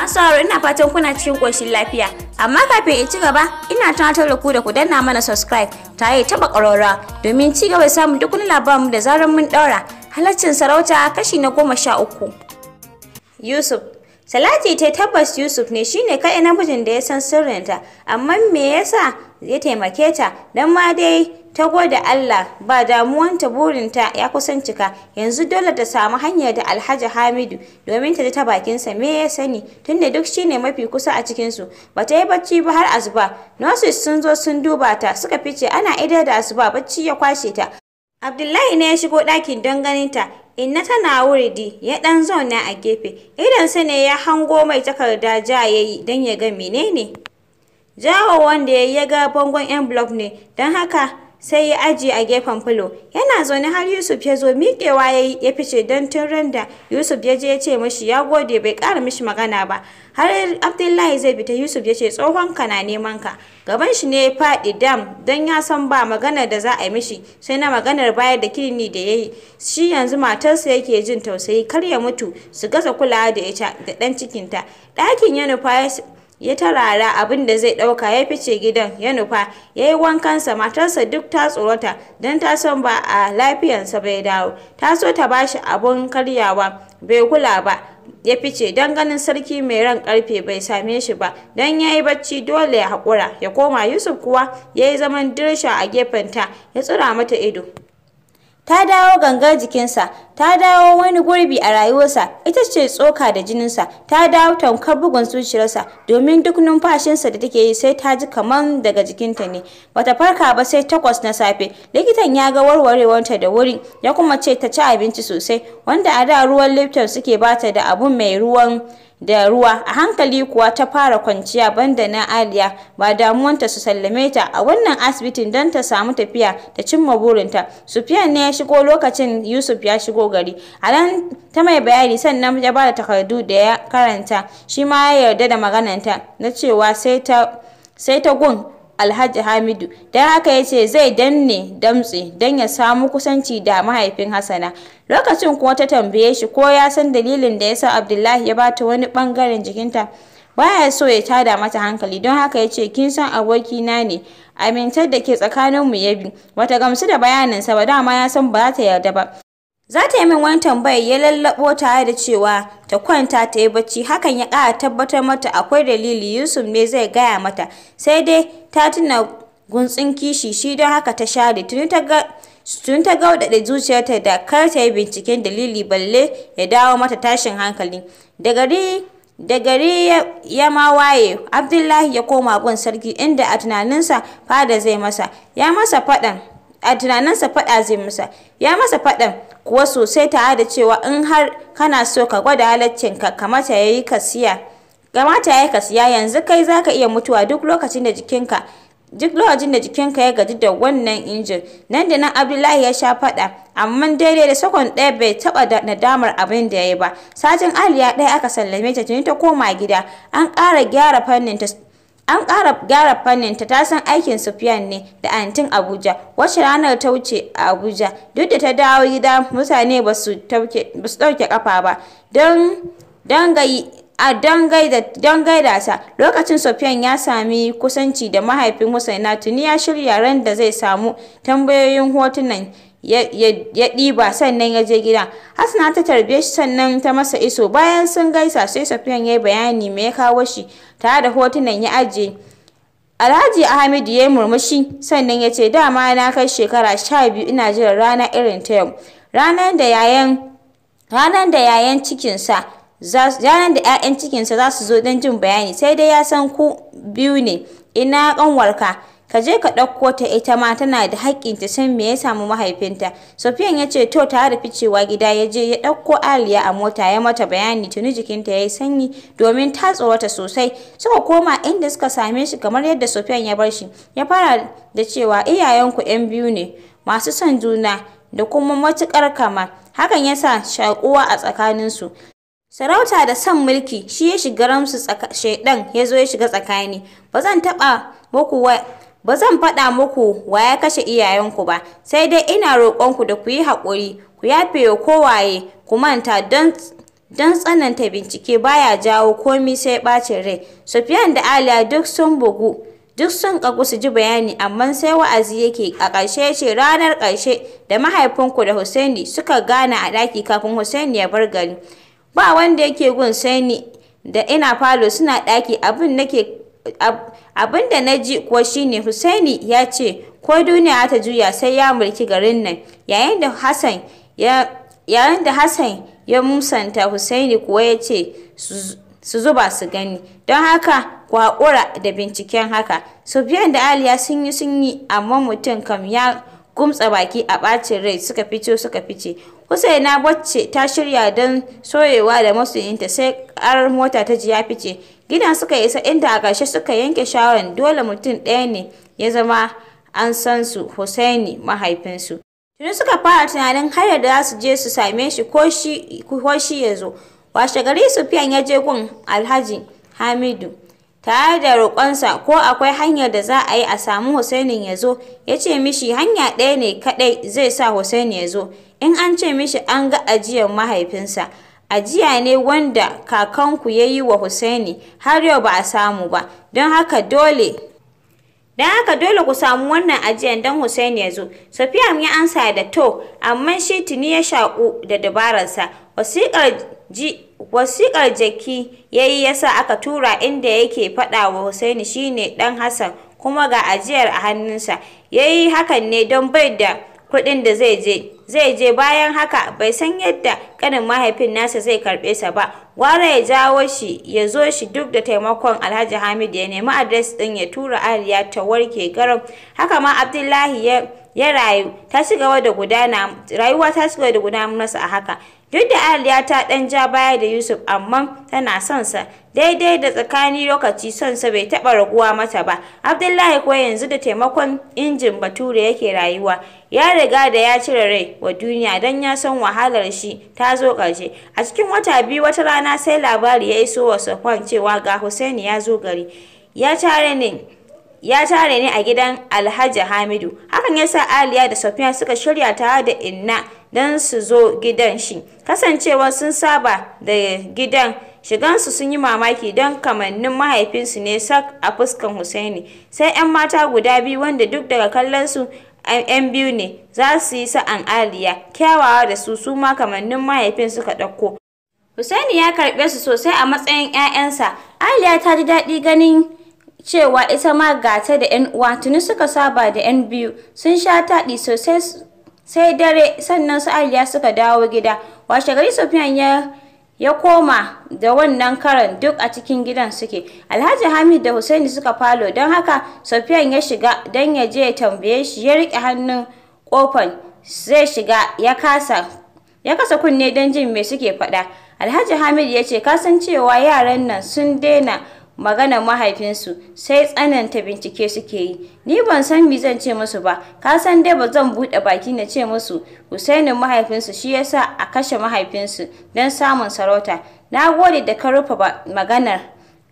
Masu sauraro ina fatan kuna cikin ƙoshin lafiya. Amma kafin in ci gaba, ina tunatar da ku da ku danna mana subscribe tare da taɓa ƙararra domin ci gaba samun duk wani labarin da zarar mun ɗaura. Halaccin sarauta kashi na goma sha uku. Yusuf Salati ta tabbas Yusuf ne shine kai mijin da ya san sirrinta, amma me yasa ya taimake ta don ma dai ta gode Allah ba damuwanta burinta ya kusan cika yanzu dole ta samu hanyar da Alhaji Hamidu domin ta ji ta bakinsa me ya sani tunda duk shine mafi kusa a cikin su ta yi bacci ba har asuba nurses sun zo sun duba ta suka fice ana ida da asuba bacci ya kwashe ta Abdullahi ne ya shigo ɗakin don ganin ta Inna tana wuridi ya ɗan zauna a gefe idan sa ne ya hango mai takarda ja yayi don ya ga menene Jawo wanda ya yi ya ga bangon envelope ne, don haka sai ya aji a gefen filo. Yana zaune har Yusuf ya zo miƙewa ya ya fice don tun ran da Yusuf ya je ya ce mashi ya gode bai ƙara mishi magana ba. Har Abdullahi zai bi ta Yusuf ya ce tsohon ka na neman ka. Gaban shi ne ya faɗi dam don ya san ba maganar da za a yi mishi sai na maganar bayar da kilini da ya yi. Shi yanzu matarsa yake jin tausayi kar ya mutu su gasa kulawa da ita da ɗan cikinta. Ɗakin ya nufa ya tarara abin da zai ɗauka ya fice gidan ya nufa ya yi wankansa matarsa duk ta tsorata don ta san ba a lafiyansa bai dawo ta so ta ba shi abun karyawa bai kula ba ya fice don ganin sarki mai ran karfe bai same shi ba don ya yi bacci dole ya haƙura ya koma yusuf kuwa ya yi zaman dirsha a gefenta ya tsira mata ido ta dawo gangar jikinsa ta dawo wani gurbi a rayuwarsa ita ce tsoka da jininsa ta dawo tamkar bugun zuciyarsa domin duk numfashinsa da take yi sai ta ji kaman daga jikinta ne bata farka ba sai takwas na safe likitan ya ga warwarewarta da wuri ya kuma ce ta ci abinci sosai wanda a da ruwan lifton suke bata da abun mai ruwan da ruwa a hankali kuwa ta fara kwanciya banda na Aliya ba damuwanta su sallame ta a wannan asibitin don ta samu tafiya ta cimma burinta Sufyan ne ya shigo lokacin Yusuf ya shigo gari a nan ta mai bayani sannan ya ba da takardu da ya karanta shi ma ya yarda da magananta na cewa sai sai ta gun Alhaji Hamidu, don haka ya ce zai danne damtse don ya samu kusanci da mahaifin Hassana. Lokacin kuwa ta tambaye shi ko ya san dalilin da ya sa Abdullahi ya bata wani bangaren jikinta. Baya so ya tada mata hankali don haka ya ce kin san abokina ne amintar da ke tsakaninmu ya bi wata gamsu da bayaninsa ba dama ya san ba za ta yarda ba Za ta yi min wani tambayar ya lallaɓo tare da cewa ta kwanta ta yi bacci hakan ya ƙara tabbatar mata akwai dalili Yusuf ne zai gaya mata sai dai ta tuna guntsin kishi shi don haka ta share tuni ta ga tun ta gaudaɗe zuciyarta da kar ta yi binciken dalili balle ya dawo mata tashin hankali da gari ya ma waye abdullahi ya koma gun sarki inda a tunaninsa fada zai masa ya masa faɗan a tunaninsa faɗa zai musa ya masa faɗan kuwa sosai tare da cewa in har kana so ka gwada ka kamata ya yi kasiya kamata ya yi kasiya yanzu kai za ka iya mutuwa duk lokacin da jikinka duk lokacin da jikinka ya gaji da wannan injin nan da nan abdullahi ya sha faɗa amma daidai da sakon ɗaya bai taɓa nadamar abin da ya yi ba sajin aliya ɗaya aka sallame ta tuni ta koma gida an ƙara gyara fannin ta An ƙara gyara fannin ta san aikin Sufyan ne da antin Abuja. Wacce ranar ta wuce a Abuja, duk da ta dawo gida mutane ba su ɗauke ƙafa ba. Don a gaida ta lokacin Sufyan ya sami kusanci da mahaifin Husaina tuni ya shirya ran da zai samu tambayoyin hotunan ya ɗiba sannan ya je gida. Hassana ta tarbe shi sannan ta masa iso bayan sun gaisa sai Safiyan ya yi bayani mai ya kawo shi tare da hotunan ya ajiye. Alhaji Ahmadu ya yi murmushi sannan ya ce dama na kai shekara sha biyu ina jiran rana irin ta yau. Ranar da yayan cikinsa ranar da 'ya'yan cikinsa za su zo don jin bayani sai dai ya san ku biyu ne ina ƙanwarka ka je ka ɗauko ta ita ma tana da haƙƙin ta san me ya samu mahaifinta Sofiyan ya ce to tare da ficewa gida ya je ya ɗauko Aliya a mota ya mata bayani tuni jikinta ya yi sanyi domin ta tsorata sosai suka koma inda suka same shi kamar yadda Sofiyan ya bar shi ya fara da cewa iyayenku 'yan biyu ne masu son juna da kuma matuƙar kama hakan ya sa shaƙuwa a tsakaninsu sarauta da son mulki shi ya shiga ramsu shaidan ya zo ya shiga tsakani ba zan taɓa muku Ba zan faɗa muku wa ya kashe iyayenku ba, sai dai ina roƙonku da ku yi haƙuri, ku yafe wa kowaye, ku manta don don tsananta bincike baya jawo komi sai ɓacin rai. Sufiyan da Aliya duk sun bugu, duk sun ƙagu su ji bayani amma sai wa'azi yake a ƙarshe ce ranar ƙarshe da mahaifinku da Hussaini suka gana a ɗaki kafin Hussaini ya bar gari. Ba wanda yake gun sai da ina falo suna ɗaki abin nake abinda na ji kuwa shine Husaini ya ce ko duniya ta juya sai ya mulki garin nan yayin da Hassan ya musanta Husaini kuwa ya ce su zuba su gani don haka ku da binciken haka Sufyan da Aliya sun yi sun yi amma mutum kam ya gumsa baki a ɓacin rai suka fice. suka fice Husaina wacce ta shirya don soyewa da masoyinta sai karar mota ta ji ya fice Gidan suka isa inda a ƙarshe suka yanke shawarar dole mutum ɗaya ne ya zama an san su Hussaini mahaifinsu. Tuni suka fara tunanin har yadda za su je su same shi ko shi ya zo. Washe gari Sufiyan ya je gun Alhaji Hamidu tare da roƙonsa ko akwai hanyar da za a yi a samu Hussainin ya zo ya ce mishi hanya ɗaya ne kaɗai zai sa Hussaini ya zo in an ce mishi an ga ajiyar mahaifinsa. ajiya ne wanda kakanku ya yi wa husaini har yau ba a samu ba, don haka dole Don haka dole ku samu wannan ajiyar don hussaini ya zo. Safiyam ya ansa da to, amma shi tuni ya shaƙu da dabararsa. Wasiƙar jaki ya yi yasa aka tura inda yake faɗa wa hussaini shine ɗan Hassan kuma ga ajiyar a hannunsa. Ya yi hakan ne don bai da kuɗin da zai je zai je bayan haka bai san yadda ƙanin mahaifin nasa zai karɓe sa ba gwara ya jawo shi ya zo shi duk da taimakon alhaji hamid ya nemi adres ɗin ya tura Aliya ta warke garin? haka ma abdullahi ya ya rayu ta shiga gudana rayuwa ta shiga gudana masa a haka duk da aliya ta dan ja baya da yusuf amma tana son sa daidai da tsakani lokaci son sa bai taɓa raguwa mata ba abdullahi ko yanzu da taimakon injin bature yake rayuwa ya riga da ya cire rai wa duniya don ya san wahalar shi ta zo ƙarshe a cikin wata biyu wata rana sai labari ya iso wa Safwan cewa ga Husaini ya zo gari ya tare ne a gidan Alhaji Hamidu. Hakan ya sa Aliya da Safiya suka shirya tare da Inna don su zo gidan shi. Kasancewa sun saba da gidan shigansu sun yi mamaki don kamannin mahaifinsu ne sak a fuskan Husaini. Sai 'yan mata guda biyu wanda duk daga kallonsu 'yan biyu ne za su yi sa'an Aliya, kyawawa da su su ma kamannin mahaifin suka ɗauko. hussaini ya karɓe su sosai a matsayin 'ya'yansa. Aliya ta ji daɗi ganin cewa ita ma gata da 'yan uwa tuni suka saba da 'yan biyu sun sha taɗi sosai sai dare sannan su Aliya suka dawo gida. Washe gari Sofiyan ya ya koma da wannan karan duk a cikin gidan suke alhaji hamid da husaini suka falo don haka sofiyan ya shiga don ya je ya tambaye shi ya riƙe hannun kofan zai shiga ya kasa ya kasa kunne don jin me suke faɗa alhaji hamid ya ce kasancewa yaran nan sun daina maganar mahaifinsu sai tsananta bincike suke yi ni ban san me zan ce musu ba ka san dai ba zan buɗe baki na ce musu husainin mahaifinsu shi yasa a kashe mahaifinsu don samun sarauta na gode da ka rufe maganar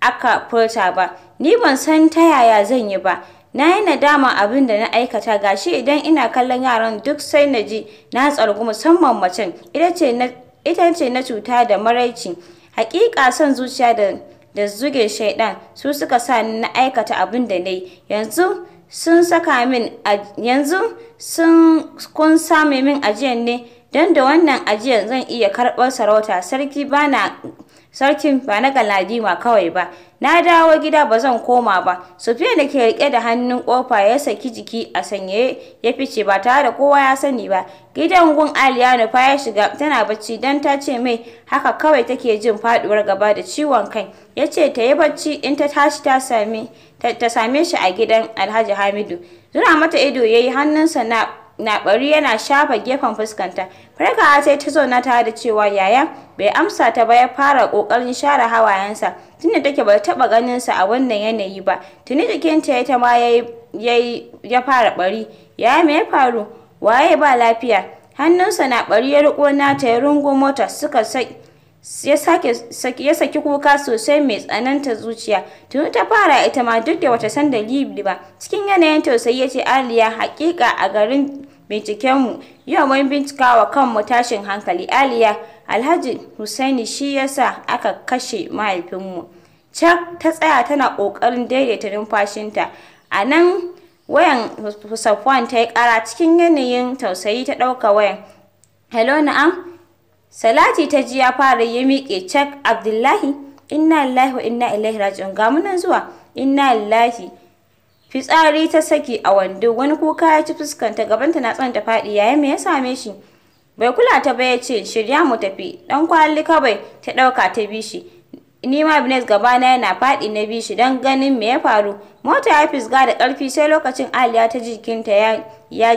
aka furta ba ni ban san ta yaya zan yi ba na yi nadama abin da na aikata gashi idan ina kallon yaran duk sai na ji na tsargu musamman macen ita ce na cuta da maraici hakika son zuciya da da zuge shaidan su suka sa na aikata abin da nayi yanzu sun saka min yanzu sun kun same min ajiyar ne don da wannan ajiyar zan iya karɓar sarauta sarki bana sarkin ba na galadima kawai ba na dawo gida ba zan koma ba sufiya da ke rike da hannun kofa ya saki jiki a sanyaye ya fice ba tare da kowa ya sani ba gidan gun aliyanu fa ya shiga tana bacci don ta ce mai haka kawai take jin faduwar gaba da ciwon kai ya ce ta yi bacci in ta tashi ta same ta same shi a gidan alhaji hamidu zura mata ido ya yi hannunsa na na bari yana shafa gefen fuskanta farkawa sai ta zauna ta da cewa yaya bai amsa ta ba ya fara kokarin share hawayensa tunda take ba taba ganin sa a wannan yanayi ba tuni jikinta ya ta ma yayi ya fara bari yaya me ya faru waye ba lafiya hannunsa na bari ya riko nata ya rungo mota suka sai ya saki kuka sosai mai tsananta zuciya tun ta fara ita ma duk da wata san dalili ba cikin yanayin tausayi ya ce aliya hakika a garin bincikenmu yau mun bincika wa kanmu tashin hankali aliya alhaji husaini shi yasa aka kashe mahaifinmu cak ta tsaya tana ƙoƙarin daidaita numfashinta a nan wayan husafuwan ta yi kara cikin yanayin tausayi ta ɗauka wayan hello na'am salati ta ji ya fara ya miƙe cak abdullahi inna lillahi wa inna ilaihi raji'un ga munan zuwa inna lillahi fitsari ta saki a wando wani kuka ya ci fuskanta gabanta na tsanta ta faɗi yayin me ya same shi bai kula ta ba ya ce shirya mu tafi dan kwalli kawai ta ɗauka ta bi shi ni ma Binet gabana yana faɗi na bi shi don ganin me ya faru mota ya fisga da ƙarfi sai lokacin Aliya ta jikinta ya ya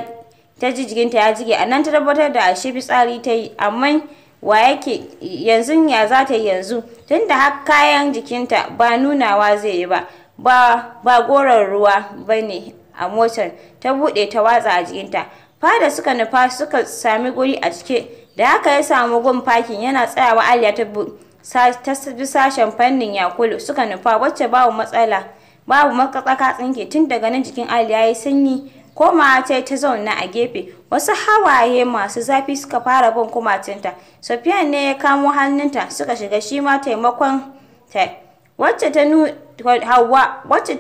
ta ji jikinta ya jige a nan ta tabbatar da ashe fitsari ta yi amma wa yake yanzu ya za ta yanzu tunda har kayan jikinta ba nunawa zai yi ba ba goron ruwa ne a motar ta bude ta watsa a jikinta fada suka nufa suka sami guri a cike da haka ya samu gun fakin yana tsayawa aliya ta bi sashen fannin yakulu suka nufa wacce babu matsala babu makatsaka tsinke tun daga nan jikin aliya ya yi sanyi koma ta ta zauna a gefe wasu hawaye masu zafi suka fara bin kumatinta sofiyan ne ya kamo hannunta suka shiga shi ma taimakon ta wacce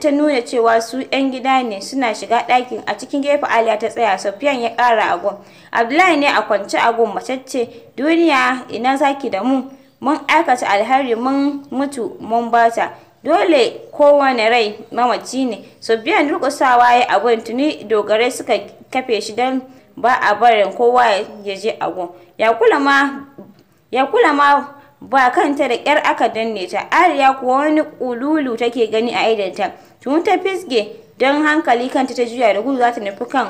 ta nuna cewa su 'yan gida ne suna shiga ɗakin a cikin gefe Aliya ta tsaya sofiyan ya ƙara agon. Abdullahi ne a kwance agon macece duniya ina zaki da mu mun aikata alhari mun mutu mun bata dole kowane rai mamaci ne sofiyan rukusawa ya agon tuni dogarai suka kafe shi don ba a barin kowa ya je agon ya kula ma ba kanta da ƙyar aka danne ta ariya kuwa wani ƙululu take gani a idanta tun ta fisge don hankali kanta ta juya da gudu za ta nufi kan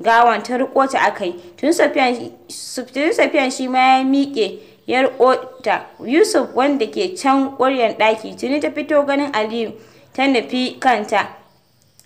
gawan ta riko ta akai tun safiyan shi ma ya miƙe ya riko ta yusuf wanda ke can ƙuryan ɗaki tuni ta fito ganin aliyu ta nufi kanta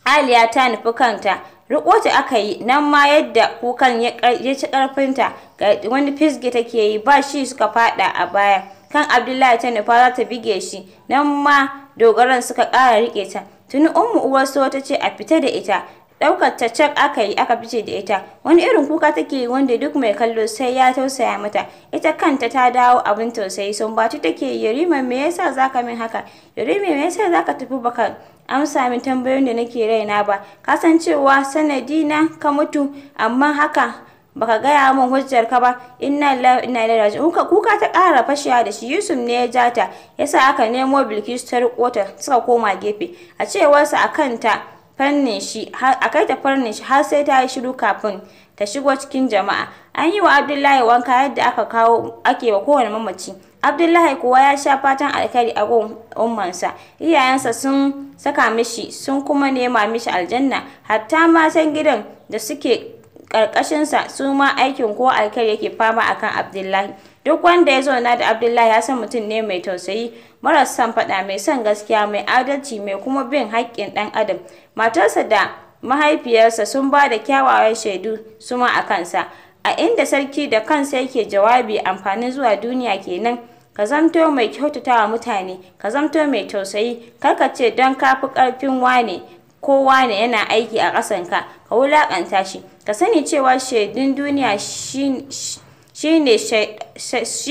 aliya ta nufi kanta riko ta aka yi nan ma yadda kukan ya ci ƙarfinta ga wani fisge take yi ba shi suka faɗa a baya kan Abdullahi ta nufa za ta bige shi nan ma dogaran suka ƙara riƙe ta tuni ummu so ta ce a fita da ita ɗaukar ta cak aka yi aka fice da ita wani irin kuka take wanda duk mai kallo sai ya tausaya mata ita kanta ta dawo abin tausayi sun batu take yi yarima me yasa zaka min haka yarima me yasa zaka tafi baka amsa min tambayoyin da nake raina ba kasancewa sanadina ka mutu amma haka baka gaya min hujjar ka ba inna lillahi inna ilaihi raji'un kuka ta ƙara fashiya da shi Yusuf ne ya jata yasa aka nemo Bilkisu ta rikota suka koma gefe a cewarsa akan ta fannin shi a kai ta fannin shi har sai ta yi shiru kafin ta shigo cikin jama'a an yi wa abdullahi wanka yadda aka kawo ake wa kowane mamaci abdullahi kuwa ya sha fatan alkhairi a gun ummansa iyayensa sun saka mishi sun kuma nema mishi aljanna hatta matan gidan da suke ƙarƙashinsa su ma aikin ko alkar yake fama akan Abdullahi. Duk wanda ya zauna da Abdullahi ya san mutum ne mai tausayi, maras san faɗa, mai son gaskiya, mai adalci, mai kuma bin haƙƙin ɗan adam. Matarsa da mahaifiyarsa sun ba da kyawawan shaidu suma a kansa. A inda sarki da kansa yake jawabi amfanin zuwa duniya kenan. ka zamto mai kyautatawa mutane ka zamto mai tausayi kar ka ce don ka fi ƙarfin wane kowa ne yana aiki a ƙasanka ka wulaƙanta shi ka sani cewa shaidun duniya shi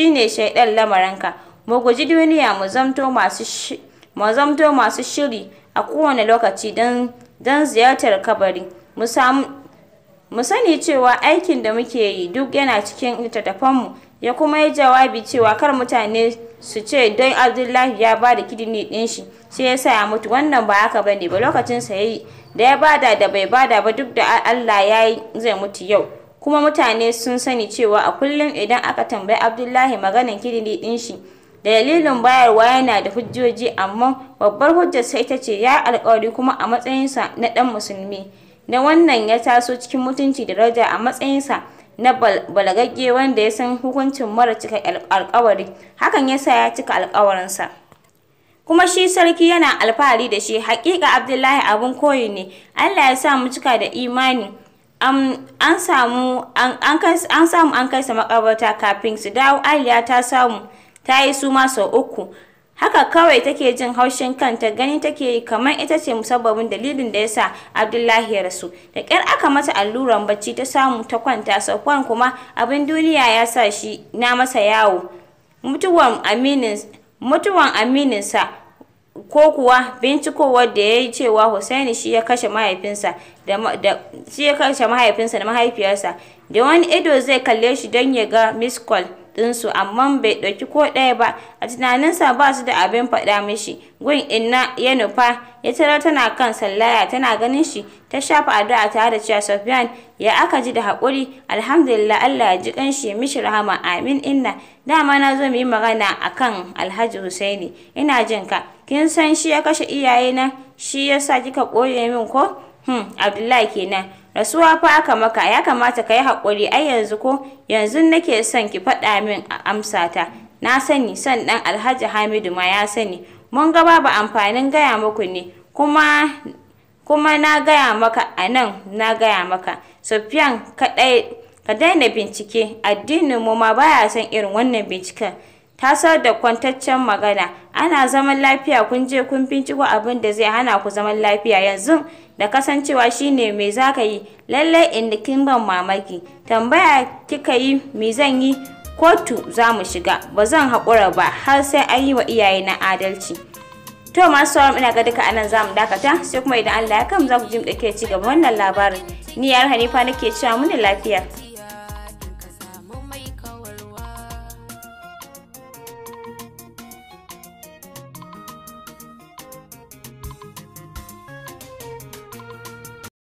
ne shaidan lamaranka mu guji duniya mu zamto masu shiri a kowane lokaci don ziyartar kabari mu sani cewa aikin da muke yi duk yana cikin littattafanmu ya kuma yi jawabi cewa kar mutane su ce don abdullahi ya ba da kidini ɗin shi sai ya sa ya mutu wannan ba haka ba ne ba Lokacinsa sa yayi da ya bada da bai bada ba duk da allah ya yi zai mutu yau kuma mutane sun sani cewa a kullum idan aka tambayi abdullahi maganan kidini ɗin shi dalilin bayarwa yana da hujjoji amma babbar hujjar sai ta ce ya alkawari kuma a matsayinsa na ɗan musulmi da wannan ya taso cikin mutunci da daraja a matsayinsa na balagagge wanda ya san hukuncin mara cika alkawari hakan yasa ya cika alkawarinsa kuma shi sarki yana alfahari da shi hakika abdullahi abun koyi ne allah ya sa mu cika da imani an samu an kai su makabarta kafin su dawo aliya ta samu ta yi suma sau uku haka kawai take jin haushin kanta gani take yi kamar ita ce musabbabin dalilin da yasa Abdullahi ya rasu da kyar aka mata alluran bacci ta samu ta kwanta sakon kuma abin duniya ya sa shi na masa yawo mutuwan aminin mutuwan aminin sa ko kuwa bincikowar da ya yi cewa Hussaini shi ya kashe mahaifinsa da shi ya kashe mahaifinsa da mahaifiyarsa da wani ido zai kalle shi don ya ga miss call dinsu amma bai ɗauki ko ɗaya ba a tunaninsa ba su da abin faɗa mishi gun inna ya nufa ya tara tana kan sallaya tana ganin shi ta shafa addu'a tare da cewa Sufyan ya aka ji da haƙuri alhamdulillah Allah ya ji shi mishi rahama amin inna dama na zo mu yi magana akan Alhaji Husaini ina jin ka kin san shi ya kashe iyaye na shi yasa kika ɓoye min ko hmm Abdullahi kenan rasuwa fa aka maka ya kamata ka yi haƙuri ai yanzu ko yanzu nake son ki faɗa min a ta na sani son ɗan alhaji hamidu ma ya sani mun ga babu amfanin gaya muku ne kuma kuma na gaya maka a nan na gaya maka sofiyan ka daina bincike addinin mu ma baya son irin wannan binciken ta sar da kwantaccen magana ana zaman lafiya kun je kun binciko abin da zai hana ku zaman lafiya yanzu da kasancewa shine me za ka yi lallai in da kin ban mamaki tambaya kika yi me zan yi kotu za mu shiga ba zan haƙura ba har sai an yi wa iyaye na adalci to masu sauran ina ga duka anan za mu dakata sai kuma idan Allah ya kam za ku jim ci gaba wannan labarin ni yar Hanifa nake cewa muni lafiya